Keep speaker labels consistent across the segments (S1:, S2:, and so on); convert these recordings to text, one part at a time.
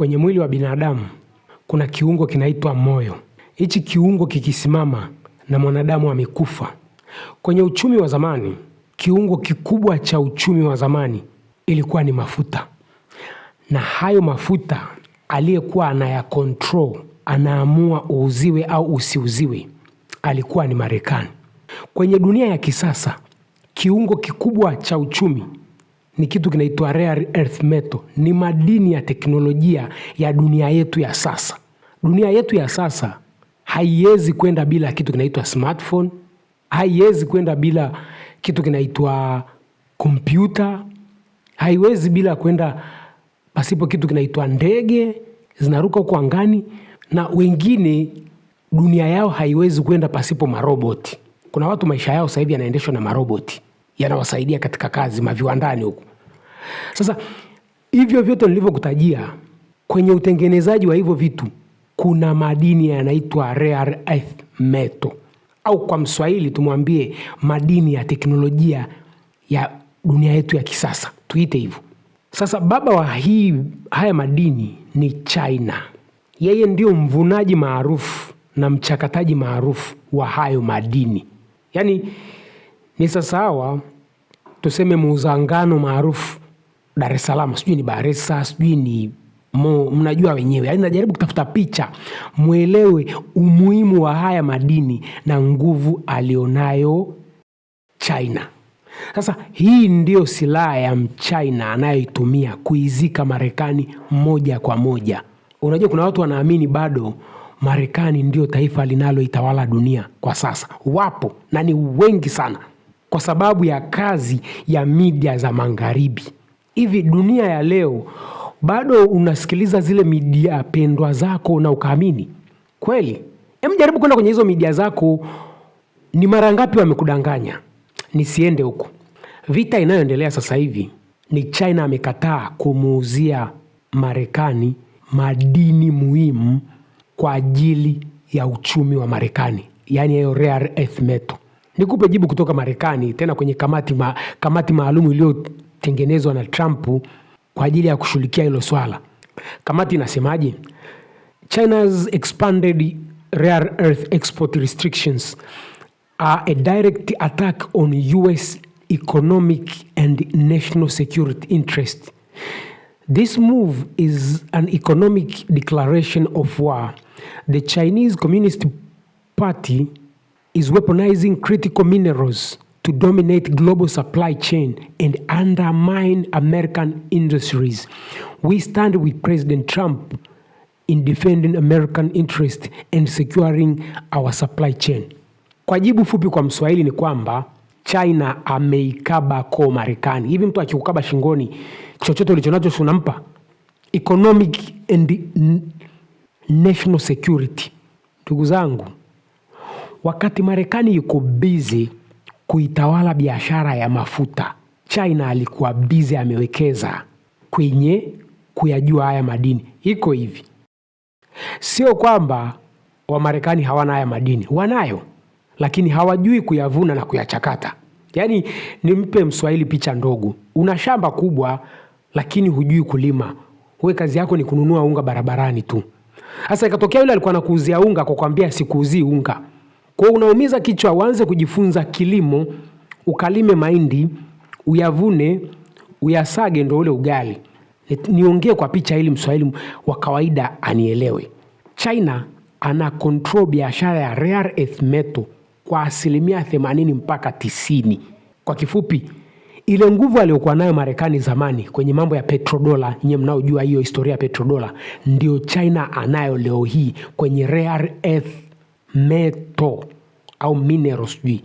S1: Kwenye mwili wa binadamu kuna kiungo kinaitwa moyo. Hichi kiungo kikisimama na mwanadamu amekufa. Kwenye uchumi wa zamani, kiungo kikubwa cha uchumi wa zamani ilikuwa ni mafuta, na hayo mafuta aliyekuwa anaya control, anaamua uuziwe au usiuziwe, alikuwa ni Marekani. Kwenye dunia ya kisasa, kiungo kikubwa cha uchumi ni kitu kinaitwa rare earth metal. Ni madini ya teknolojia ya dunia yetu ya sasa. Dunia yetu ya sasa haiwezi kwenda bila kitu kinaitwa smartphone, haiwezi kwenda bila kitu kinaitwa kompyuta, haiwezi bila kwenda pasipo kitu kinaitwa ndege zinaruka huko angani, na wengine dunia yao haiwezi kwenda pasipo maroboti. Kuna watu maisha yao sasa hivi yanaendeshwa na maroboti, yanawasaidia katika kazi maviwandani huko. Sasa hivyo vyote nilivyokutajia, kwenye utengenezaji wa hivyo vitu kuna madini yanaitwa rare earth metal, au kwa Mswahili tumwambie madini ya teknolojia ya dunia yetu ya kisasa, tuite hivyo. Sasa baba wa hii, haya madini ni China. Yeye ndio mvunaji maarufu na mchakataji maarufu wa hayo madini, yaani ni sasa hawa tuseme muuzangano maarufu Dar es Salaam, sijui ni Baresa, sijui ni Mo, mnajua wenyewe yaani, najaribu kutafuta picha mwelewe umuhimu wa haya madini na nguvu alionayo China. Sasa hii ndiyo silaha ya mchina anayoitumia kuizika Marekani moja kwa moja. Unajua, kuna watu wanaamini bado Marekani ndiyo taifa linaloitawala dunia kwa sasa, wapo na ni wengi sana, kwa sababu ya kazi ya media za magharibi hivi dunia ya leo bado unasikiliza zile midia pendwa zako na ukaamini kweli? Hem, jaribu kwenda kwenye hizo midia zako, ni mara ngapi wamekudanganya? Nisiende huko. Vita inayoendelea sasa hivi ni China amekataa kumuuzia Marekani madini muhimu kwa ajili ya uchumi wa Marekani, yaani hiyo rare earth metal. Nikupe jibu kutoka Marekani, tena kwenye kamati ma, kamati maalum iliyo iliyotengenezwa na Trump kwa ajili ya kushughulikia hilo swala. Kamati inasemaje?
S2: China's expanded rare earth export restrictions are a direct attack on US economic and national security interest. This move is an economic declaration of war. The Chinese Communist Party is weaponizing critical minerals to dominate global supply chain and undermine American industries. We stand with President Trump in defending American interest and securing our supply chain.
S1: Kwa jibu fupi kwa Mswahili ni kwamba China ameikaba koo Marekani. Hivi mtu akikukaba shingoni chochote ulichonacho unampa? Economic and national security. Ndugu zangu, wakati Marekani yuko busy kuitawala biashara ya mafuta. China alikuwa bize amewekeza kwenye kuyajua haya madini. Iko hivi, sio kwamba Wamarekani hawana haya madini, wanayo, lakini hawajui kuyavuna na kuyachakata. Yaani, nimpe Mswahili picha ndogo, una shamba kubwa lakini hujui kulima. we kazi yako ni kununua unga barabarani tu. Sasa ikatokea yule alikuwa anakuuzia unga kwa kuambia sikuuzii unga, kwa unaumiza kichwa, uanze kujifunza kilimo, ukalime mahindi, uyavune, uyasage ndio ule ugali. Niongee kwa picha ili Mswahili wa kawaida anielewe. China ana control biashara ya rare earth metal kwa asilimia 80 mpaka 90. Kwa kifupi, ile nguvu aliyokuwa nayo Marekani zamani kwenye mambo ya petrodola, nyie mnaojua hiyo historia ya petrodola, ndio China anayo leo hii kwenye rare earth meto au minero sijui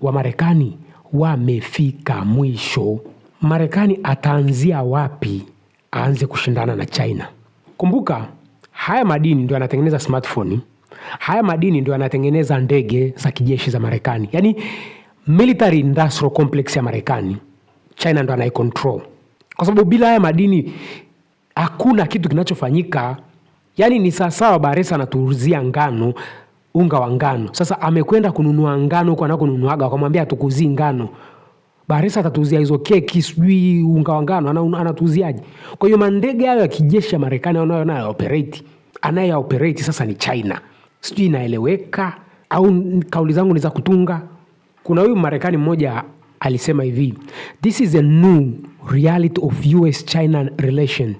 S1: wa Marekani wamefika mwisho. Marekani ataanzia wapi aanze kushindana na China? Kumbuka haya madini ndio yanatengeneza smartphone, haya madini ndio yanatengeneza ndege za kijeshi za Marekani, yaani military industrial complex ya Marekani China ndo anaicontrol, kwa sababu bila haya madini hakuna kitu kinachofanyika. Yani ni sawasawa, Baresa anatuuzia ngano, unga wa ngano. Sasa amekwenda kununua ngano kwa anakonunuaga, akamwambia atukuzii ngano baresa atatuzia hizo keki sijui unga wa ngano anatuziaje? Kwa hiyo mandege hayo ya kijeshi ya Marekani nayo operate, anaye operate sasa ni China. Sijui inaeleweka au kauli zangu ni za kutunga? Kuna huyu Marekani mmoja alisema hivi,
S2: this is a new reality of US China relation.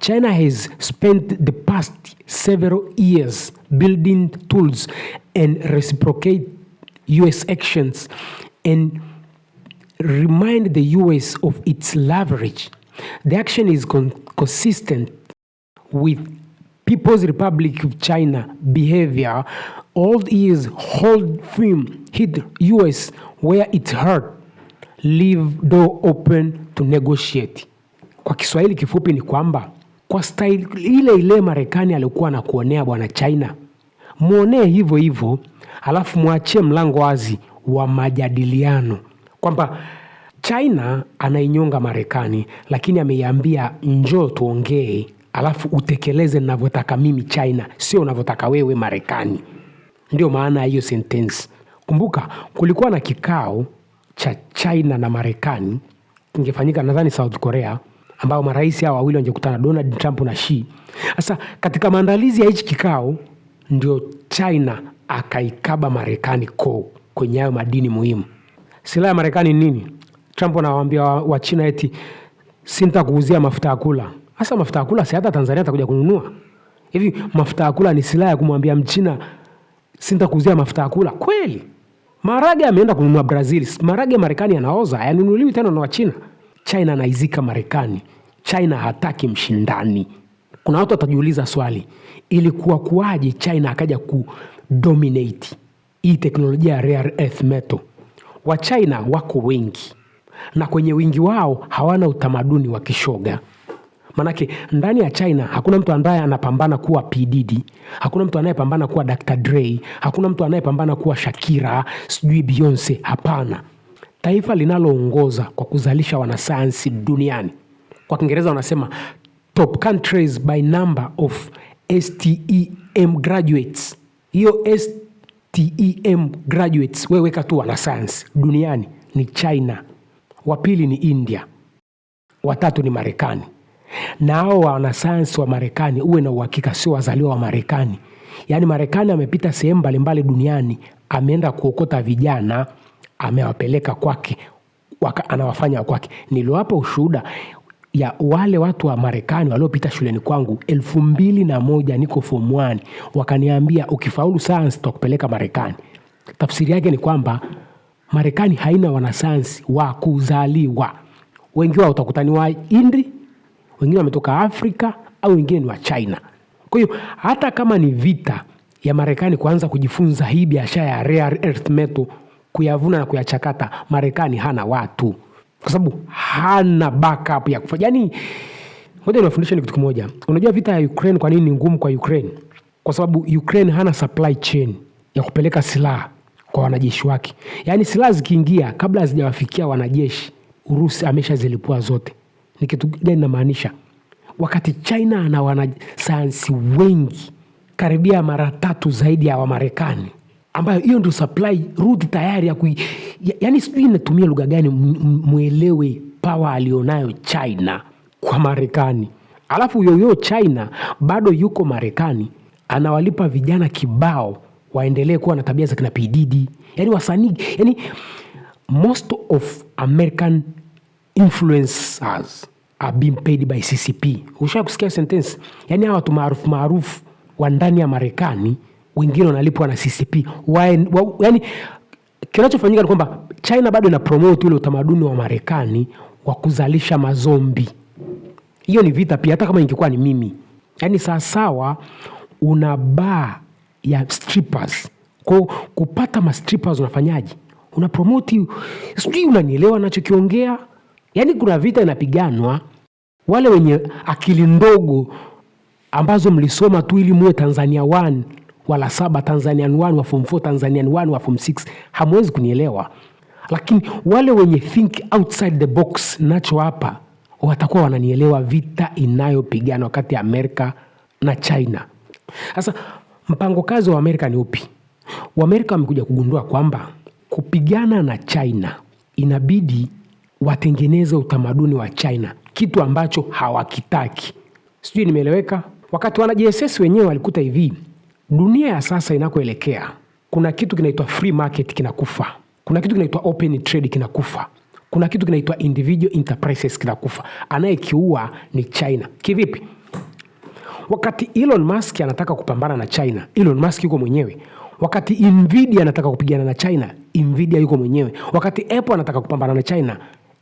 S2: China has spent the past several years building tools and reciprocate US actions and remind the US of its leverage. The action is con consistent with People's Republic of China behavior. all is hold firm, hit US where it hurt, leave door open to negotiate.
S1: Kwa Kiswahili kifupi ni kwamba kwa staili ile ile Marekani alikuwa na kuonea bwana China, mwonee hivyo hivyo, alafu mwachie mlango wazi wa majadiliano kwamba China anainyonga Marekani, lakini ameiambia njoo tuongee, alafu utekeleze ninavyotaka mimi China, sio unavyotaka wewe Marekani. Ndio maana ya hiyo sentensi. Kumbuka kulikuwa na kikao cha China na Marekani kingefanyika nadhani South Korea, ambao marais hao wawili wangekutana Donald Trump na Xi. Sasa katika maandalizi ya hichi kikao ndio China akaikaba Marekani ko kwenye hayo madini muhimu. Silaha ya Marekani nini? Trump anawaambia wa China eti sintakuuzia mafuta ya kula. Hasa mafuta ya kula si hata Tanzania atakuja kununua. Hivi mafuta ya kula ni silaha ya kumwambia Mchina sintakuuzia mafuta ya kula kweli? Maharage ameenda kununua Brazil. Maharage Marekani yanaoza, hayanunuliwi tena na Wachina. China anaizika Marekani. China hataki mshindani. Kuna watu watajiuliza swali, ilikuwa kuwaje China akaja kudominate hii teknolojia ya rare earth metal? Wachina wako wengi na kwenye wingi wao hawana utamaduni wa kishoga. Manake ndani ya China hakuna mtu ambaye anapambana kuwa PDD, hakuna mtu anayepambana kuwa Dr Dre, hakuna mtu anayepambana kuwa Shakira, sijui Beyonce. Hapana, taifa linaloongoza kwa kuzalisha wanasayansi duniani, kwa Kiingereza wanasema top countries by number of STEM graduates. Hiyo STEM graduates weweka tu wanasayansi duniani ni China, wa pili ni India, watatu ni Marekani na hao wanasayansi wa Marekani uwe na uhakika sio wazaliwa wa Marekani. Yaani Marekani amepita sehemu mbalimbali duniani, ameenda kuokota vijana, amewapeleka kwake, anawafanya kwake. Niliwapa ushuhuda ya wale watu wa Marekani waliopita shuleni kwangu elfu mbili na moja niko form wakaniambia ukifaulu sayansi tutakupeleka Marekani. Tafsiri yake ni kwamba Marekani haina wanasayansi wa kuzaliwa, wengi wao utakutaniwa Indi wengine wametoka Afrika au wengine ni wa China. Kwa hiyo hata kama ni vita ya Marekani kuanza kujifunza hii biashara ya rare earth metal, kuyavuna na kuyachakata, Marekani hana watu, kwa sababu hana backup ya kufanya. Yani, moja niwafundishe ni kitu kimoja. Unajua vita ya Ukraine, kwa nini ni ngumu kwa Ukraine? Kwa sababu Ukraine hana supply chain ya kupeleka silaha kwa wanajeshi wake. Yaani silaha zikiingia, kabla hazijawafikia wanajeshi, Urusi ameshazilipua zote. Ni kitu gani namaanisha? Wakati China ana wanasayansi wengi karibia mara tatu zaidi ya Wamarekani, ambayo hiyo ndio supply rut tayari ya kui, yaani sijui inatumia lugha gani mwelewe power alionayo China kwa Marekani. Alafu yoyo China bado yuko Marekani, anawalipa vijana kibao waendelee kuwa na tabia za kina P yaani wasanii,
S2: yaani most of American influencers are being paid by CCP.
S1: Usha kusikia sentence? Yani hawa watu maarufu maarufu wa ndani ya Marekani wengine wanalipwa na CCP. Yaani kinachofanyika ni kwamba China bado ina promote ule utamaduni wa Marekani wa kuzalisha mazombi. Hiyo ni vita pia, hata kama ingekuwa ni mimi. Yaani sawasawa, una baa ya strippers kwa kupata unafanyaje? Una promote, sijui unanielewa nachokiongea? Yaani kuna vita inapiganwa, wale wenye akili ndogo ambazo mlisoma tu ili muwe Tanzania one wala saba Tanzania one wa form 4 Tanzania one wa form 6 hamwezi kunielewa, lakini wale wenye think outside the box, nacho hapa watakuwa wananielewa, vita inayopiganwa kati ya Amerika na China. Sasa mpango kazi wa Amerika ni upi? Amerika wamekuja kugundua kwamba kupigana na China inabidi watengeneze utamaduni wa China, kitu ambacho hawakitaki. Sijui nimeeleweka? Wakati wana JSS wenyewe walikuta hivi, dunia ya sasa inakoelekea, kuna kitu kinaitwa free market kinakufa, kuna kitu kinaitwa open trade kinakufa, kuna kitu kinaitwa individual enterprises kinakufa. Anayekiua ni China. Kivipi? Wakati Elon Musk anataka kupambana na China, Elon Musk yuko mwenyewe. Wakati Nvidia anataka kupigana na China, Nvidia yuko mwenyewe. Wakati Apple anataka kupambana na China,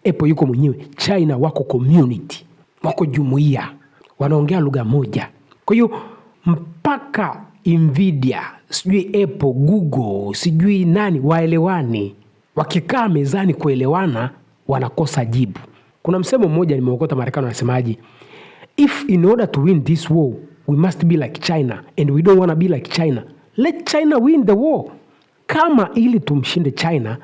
S1: Apple yuko mwenyewe, China wako community, wako jumuiya, wanaongea lugha moja. Kwa hiyo mpaka Nvidia sijui Apple, Google sijui nani waelewani. Wakikaa mezani kuelewana, wanakosa jibu. Kuna msemo mmoja nimeokota Marekani, wanasemaje? If in order to win this war we must be like China and we don't wanna be like China, let China win the war. Kama ili tumshinde China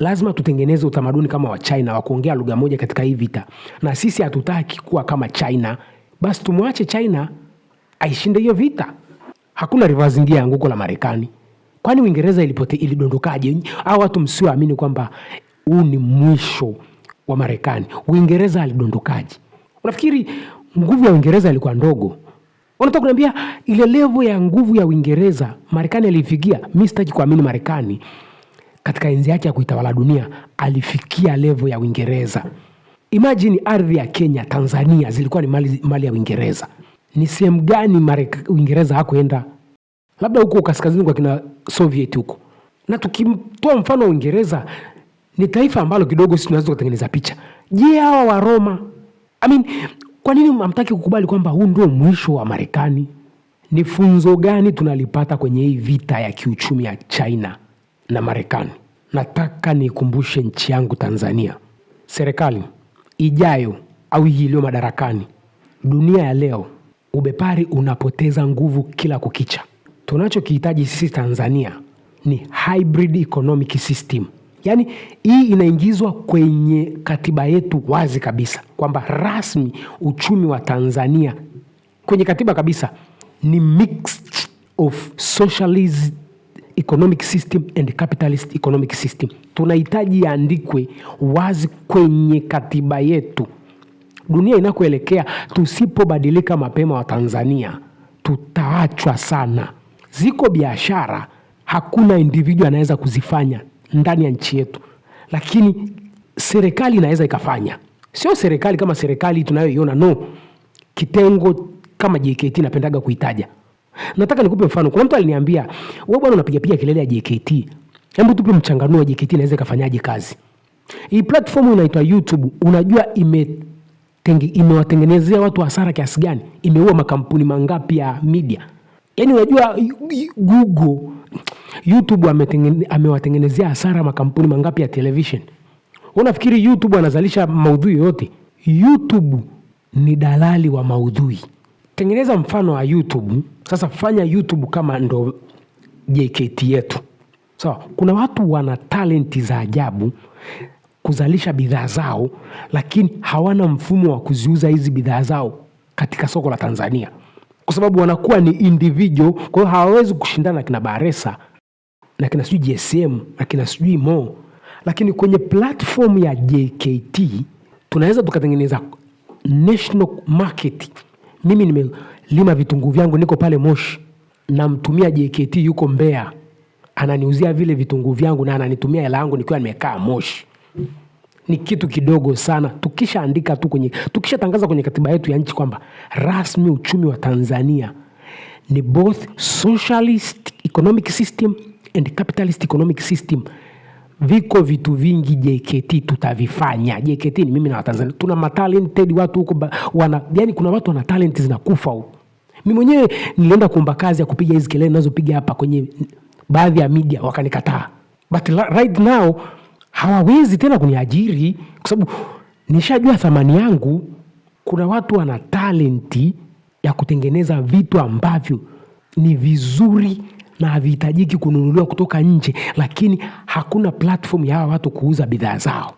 S1: lazima tutengeneze utamaduni kama wa China wa kuongea lugha moja katika hii vita, na sisi hatutaki kuwa kama China. Basi tumwache China aishinde hiyo vita. Hakuna rivazingia ya anguko la Marekani. Kwani Uingereza ilipote ilidondokaje? Au watu msioamini kwamba huu ni mwisho wa Marekani. Uingereza alidondokaje? Unafikiri nguvu ya Uingereza ilikuwa ndogo? Unataka kuniambia ile levo ya nguvu ya Uingereza Marekani alifikia? Mimi sitaki kuamini Marekani katika enzi yake ya kuitawala dunia alifikia levo ya Uingereza. Imajini ardhi ya Kenya, Tanzania zilikuwa ni mali, mali ya Uingereza. Ni sehemu gani Uingereza hakuenda? Labda huko kaskazini kwa kina Soviet huko. Na tukimtoa mfano wa Uingereza, ni taifa ambalo kidogo sisi tunaweza kutengeneza picha. Je, hawa wa Roma I mean, kwa nini hamtaki kukubali kwamba huu ndio mwisho wa Marekani? Ni funzo gani tunalipata kwenye hii vita ya kiuchumi ya China? na Marekani. Nataka niikumbushe nchi yangu Tanzania, serikali ijayo au hii iliyo madarakani. Dunia ya leo, ubepari unapoteza nguvu kila kukicha. Tunachokihitaji sisi Tanzania ni hybrid economic system, yaani hii inaingizwa kwenye katiba yetu wazi kabisa kwamba rasmi uchumi wa Tanzania kwenye katiba kabisa ni mixed of socialist economic system and capitalist economic system. Tunahitaji yaandikwe wazi kwenye katiba yetu. Dunia inakoelekea, tusipobadilika mapema, wa tanzania tutaachwa sana. Ziko biashara hakuna individual anaweza kuzifanya ndani ya nchi yetu, lakini serikali inaweza ikafanya. Sio serikali kama serikali tunayoiona, no, kitengo kama JKT napendaga kuitaja Nataka nikupe mfano. Kuna mtu aliniambia, wewe bwana unapiga piga kelele ya JKT. Hebu tupe mchanganuo wa JKT naweza kafanyaje kazi. Hii platform inaitwa YouTube. Unajua ime imewatengenezea watu hasara kiasi gani? Imeua makampuni mangapi ya media? Yaani unajua Google, YouTube amewatengenezea hasara makampuni mangapi ya television? Unafikiri YouTube anazalisha maudhui yote? YouTube ni dalali wa maudhui tengeneza mfano wa YouTube. Sasa fanya YouTube kama ndo JKT yetu sawa. So, kuna watu wana talenti za ajabu kuzalisha bidhaa zao, lakini hawana mfumo wa kuziuza hizi bidhaa zao katika soko la Tanzania kwa sababu wanakuwa ni individual, kwa hiyo hawawezi kushindana na kina Baresa na kina sijui GSM na kina sijui Mo, lakini kwenye platform ya JKT tunaweza tukatengeneza national marketing mimi nimelima vitunguu vyangu, niko pale Moshi, namtumia JKT yuko Mbeya, ananiuzia vile vitunguu vyangu na ananitumia hela yangu nikiwa nimekaa Moshi. Ni kitu kidogo sana. Tukishaandika tu kwenye, tukishatangaza kwenye katiba yetu ya nchi kwamba rasmi uchumi wa Tanzania ni both socialist economic system and capitalist economic system viko vitu vingi JKT tutavifanya. JKT ni mimi na Watanzania, tuna matalented watu huko wana, yani kuna watu wana talent zinakufa huko. Mimi mwenyewe nilienda kuomba kazi ya kupiga hizi kelele ninazopiga hapa kwenye baadhi ya media wakanikataa, but right now hawawezi tena kuniajiri kwa sababu nishajua thamani yangu. Kuna watu wana talenti ya kutengeneza vitu ambavyo ni vizuri na havihitajiki kununuliwa kutoka nje, lakini hakuna platform ya hawa watu kuuza bidhaa zao.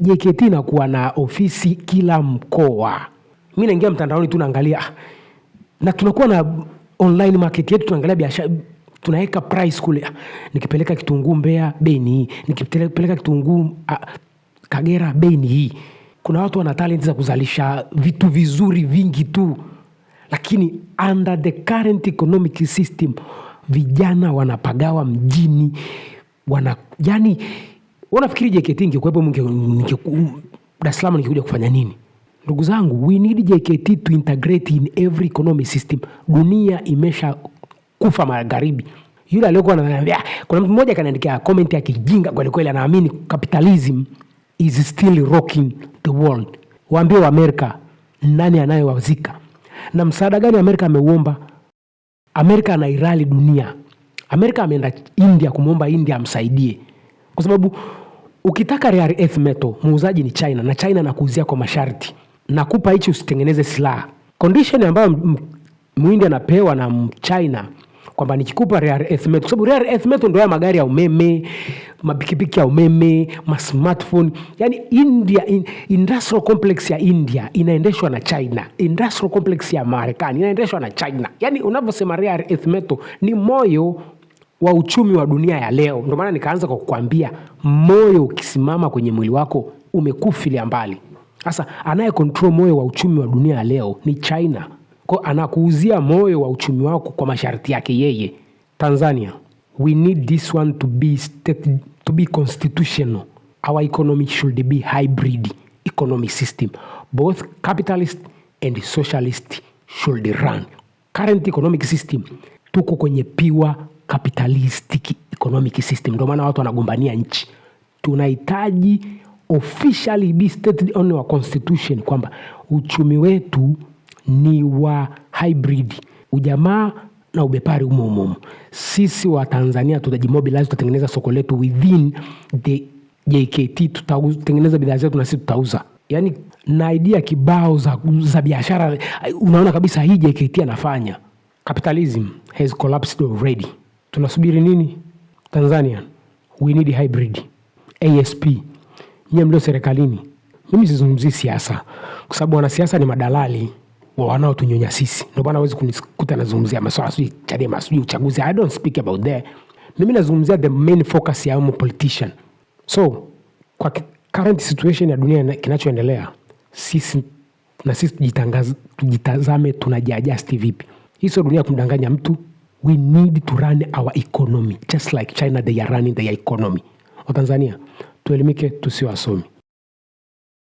S1: JKT inakuwa na ofisi kila mkoa. Mi naingia mtandaoni tu naangalia, ah, na tunakuwa na online market yetu, tunaangalia biashara tunaweka price kule, ah, nikipeleka kitunguu mbea bei ni hii, nikipeleka kitunguu ah, Kagera bei ni hii. Kuna watu wana talent za kuzalisha vitu vizuri vingi tu, lakini under the current economic system vijana wanapagawa mjini wana, yani wanafikiri JKT ingekuwepo Dar es Salaam kufanya nini? Ndugu zangu, we need JKT to integrate in every economic system. Dunia imesha kufa magharibi. Yule aliyokuwa ananiambia, kuna mtu mmoja kaniandikia comment ya kijinga kweli kweli, anaamini capitalism is still rocking the world. Waambie wa Amerika nani anayewazika na msaada gani Amerika ameuomba Amerika anairali dunia. Amerika ameenda India kumwomba India amsaidie, kwa sababu ukitaka rare earth metal muuzaji ni China, na China nakuuzia kwa masharti, nakupa hichi usitengeneze silaha. Condition ambayo muindi anapewa na Mchina kwamba nikikupa rare earth metal, kwa sababu rare earth metal ndio ya magari ya umeme, mapikipiki ya umeme, ma smartphone. Yani India in, industrial complex ya India inaendeshwa na China, industrial complex ya Marekani inaendeshwa na China. Yani unavyosema rare earth metal ni moyo wa uchumi wa dunia ya leo. Ndio maana nikaanza kwa kukwambia, moyo ukisimama kwenye mwili wako umekufilia mbali. Sasa anaye control moyo wa uchumi wa dunia ya leo ni China. Kwa anakuuzia moyo wa uchumi wako kwa masharti yake yeye. Tanzania, we need this one to be state, to be constitutional. Our economy should be hybrid economic system. Both capitalist and socialist should run. Current economic system tuko kwenye piwa capitalistic economic system, ndio maana watu wanagombania nchi. Tunahitaji officially be stated on our constitution kwamba uchumi wetu ni wa hybrid, ujamaa na ubepari umo Sisi wa Tanzania tutajimobilize, tutatengeneza soko letu within the JKT, tutatengeneza bidhaa zetu na sisi tutauza. Yani na idea kibao za, za biashara, unaona kabisa hii JKT anafanya capitalism has collapsed already. Tunasubiri nini Tanzania? We need hybrid ASP. Nyie mlio serikalini, mimi sizungumzii siasa, kwa sababu wanasiasa ni madalali wanaotunyonya sisi. Ndio maana huwezi kunikuta nazungumzia maswala sijui Chadema sijui uchaguzi. I don't speak about that. Mimi nazungumzia the main focus ya umo politician. So kwa current situation ya dunia kinachoendelea, sisi na sisi tujitangaze, tujitazame tunajiadjust vipi. Hiso dunia kumdanganya mtu, we need to run our economy just like China they are running their economy. Watanzania tuelimike, tusiwasomi.